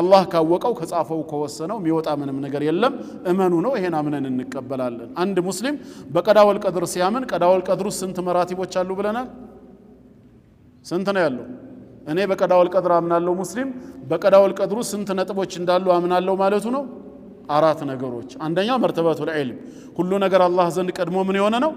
አላህ ካወቀው ከጻፈው ከወሰነው የሚወጣ ምንም ነገር የለም። እመኑ ነው። ይሄን አምነን እንቀበላለን። አንድ ሙስሊም በቀዳ ወልቀድር ሲያምን ቀዳ ወልቀድር ስንት መራቲቦች አሉ ብለናል? ስንት ነው ያለው? እኔ በቀዳ ወልቀድር አምናለሁ። ሙስሊም በቀዳ ወልቀድር ስንት ነጥቦች እንዳሉ አምናለሁ ማለቱ ነው። አራት ነገሮች። አንደኛ መርተበቱል ዒልም፣ ሁሉ ነገር አላህ ዘንድ ቀድሞ ምን የሆነ ነው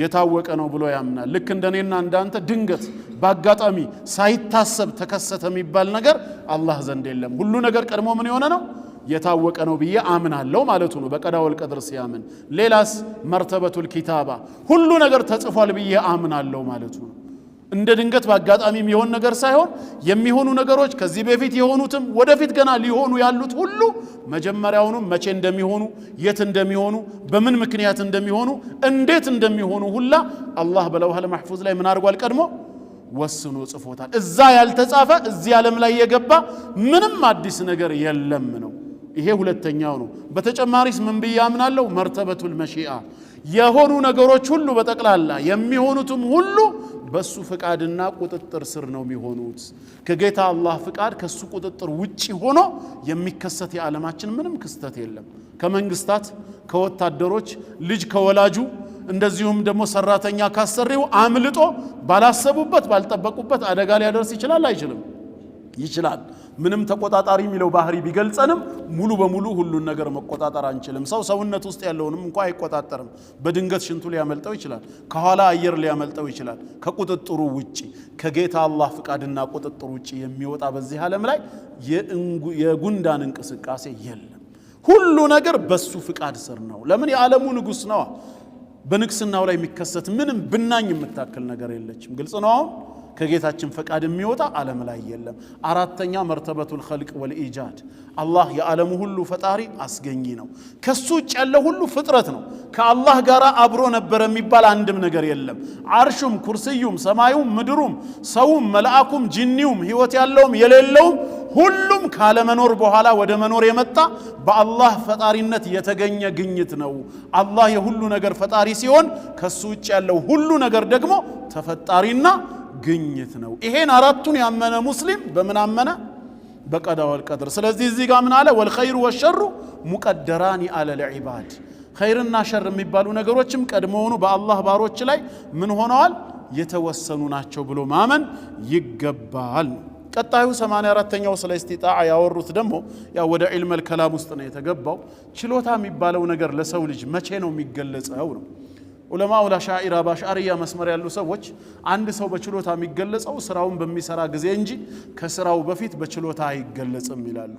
የታወቀ ነው ብሎ ያምናል። ልክ እንደኔና እንዳንተ ድንገት በአጋጣሚ ሳይታሰብ ተከሰተ የሚባል ነገር አላህ ዘንድ የለም። ሁሉ ነገር ቀድሞ ምን የሆነ ነው የታወቀ ነው ብዬ አምናለሁ ማለቱ ነው። በቀዳወል ቀድር ሲያምን ሌላስ መርተበቱል ኪታባ ሁሉ ነገር ተጽፏል ብዬ አምናለሁ ማለቱ ነው። እንደ ድንገት በአጋጣሚ የሚሆን ነገር ሳይሆን የሚሆኑ ነገሮች ከዚህ በፊት የሆኑትም ወደፊት ገና ሊሆኑ ያሉት ሁሉ መጀመሪያውኑም መቼ እንደሚሆኑ፣ የት እንደሚሆኑ፣ በምን ምክንያት እንደሚሆኑ፣ እንዴት እንደሚሆኑ ሁላ አላህ በለውሃል ማሕፉዝ ላይ ምን አድርጓል ቀድሞ ወስኖ ጽፎታል። እዛ ያልተጻፈ እዚህ ዓለም ላይ የገባ ምንም አዲስ ነገር የለም ነው። ይሄ ሁለተኛው ነው። በተጨማሪስ ምን ብዬ አምናለሁ? መርተበቱል መሺአ የሆኑ ነገሮች ሁሉ በጠቅላላ የሚሆኑትም ሁሉ በሱ ፍቃድና ቁጥጥር ስር ነው የሚሆኑት። ከጌታ አላህ ፍቃድ ከሱ ቁጥጥር ውጪ ሆኖ የሚከሰት የዓለማችን ምንም ክስተት የለም። ከመንግስታት፣ ከወታደሮች፣ ልጅ ከወላጁ እንደዚሁም ደግሞ ሰራተኛ ካሰሪው አምልጦ ባላሰቡበት ባልጠበቁበት አደጋ ሊያደርስ ይችላል። አይችልም? ይችላል። ምንም ተቆጣጣሪ የሚለው ባህሪ ቢገልጸንም ሙሉ በሙሉ ሁሉን ነገር መቆጣጠር አንችልም። ሰው ሰውነት ውስጥ ያለውንም እንኳ አይቆጣጠርም። በድንገት ሽንቱ ሊያመልጠው ይችላል። ከኋላ አየር ሊያመልጠው ይችላል። ከቁጥጥሩ ውጭ ከጌታ አላህ ፍቃድና ቁጥጥር ውጭ የሚወጣ በዚህ ዓለም ላይ የጉንዳን እንቅስቃሴ የለም። ሁሉ ነገር በሱ ፍቃድ ስር ነው። ለምን? የዓለሙ ንጉሥ ነዋ። በንግስናው ላይ የሚከሰት ምንም ብናኝ የምታክል ነገር የለችም። ግልጽ ነው። አሁን ከጌታችን ፈቃድ የሚወጣ ዓለም ላይ የለም። አራተኛ መርተበቱል ኸልቅ ወልኢጃድ አላህ የዓለሙ ሁሉ ፈጣሪ አስገኚ ነው። ከሱ ውጭ ያለው ሁሉ ፍጥረት ነው። ከአላህ ጋር አብሮ ነበረ የሚባል አንድም ነገር የለም። አርሹም፣ ኩርስዩም፣ ሰማዩም፣ ምድሩም፣ ሰውም፣ መልአኩም፣ ጂኒውም፣ ህይወት ያለውም የሌለውም ሁሉም ካለመኖር በኋላ ወደ መኖር የመጣ በአላህ ፈጣሪነት የተገኘ ግኝት ነው። አላህ የሁሉ ነገር ፈጣሪ ሲሆን ከሱ ውጭ ያለው ሁሉ ነገር ደግሞ ተፈጣሪና ግኝት ነው። ይሄን አራቱን ያመነ ሙስሊም በምን አመነ? በቀዳ ወልቀድር። ስለዚህ እዚህ ጋር ምን አለ? ወልኸይሩ ወሸሩ ሙቀደራኒ አለ ዒባድ ኸይርና ሸር የሚባሉ ነገሮችም ቀድሞውኑ በአላህ ባሮች ላይ ምን ሆነዋል? የተወሰኑ ናቸው ብሎ ማመን ይገባል። ቀጣዩ 84ተኛው ስለ እስቲጣዓ ያወሩት ደግሞ ያው ወደ ዒልመል ከላም ውስጥ ነው የተገባው። ችሎታ የሚባለው ነገር ለሰው ልጅ መቼ ነው የሚገለጸው ነው። ዑለማው ለሻኢራ ባሻርያ መስመር ያሉ ሰዎች አንድ ሰው በችሎታ የሚገለጸው ስራውን በሚሰራ ጊዜ እንጂ ከስራው በፊት በችሎታ አይገለጽም ይላሉ።